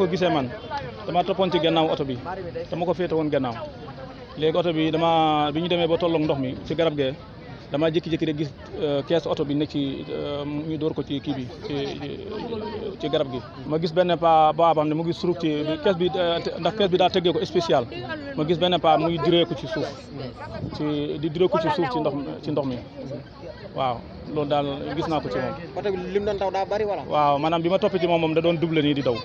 ko gisee man dama toppoon ci gannaaw oto bi dama ko féete woon gannaaw léegi oto bi dama bi ñu demee ba tolloog ndox mi ci garab gee dama jékki-jékki rek gis euh, kees oto bi nekk ci euh, ñu dóor ko ci kii bi ci garab gi ma gis benn pa ba xam ne mu ngi ci kees bi euh, ndax bi daa tëggee ko spécial ma gis benn pa mu ngi diree ci suuf ci di diree ci suuf ci ndox ci ndox mi waaw loolu daal gis naa ko ci moom oto bi lim doon daw waaw maanaam bi ma topp ci moom moom da doon double nii di daw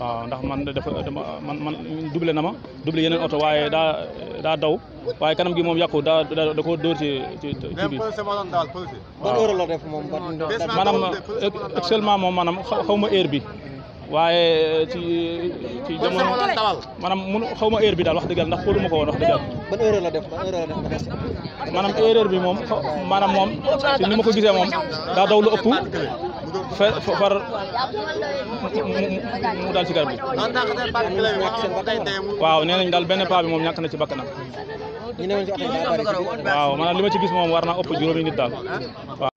waaw ndax man dafa dama man man duble na ma doublé yeneen oto waaye daa daa daw waaye kanam gi moom yàqu daa da ko dóor ci ci ci bi maanaam actuellement moom maanaam xaw ma heure bi waaye ci ci jamono maanaam mun xaw ma heure bi daal wax dëgg yàlla ndax xooluma ko woon wax dëgg yàlla. ban heure la def heure bi moom maanaam moom ci ni ma ko gisee moom daa daw lu ëpp. far mu daal ci garab gi waaw nee nañ daal benn paa bi moom ñàkk na ci bakkanam waaw maanaam li ma ci gis moom war na ëpp juróomi nit daal ah.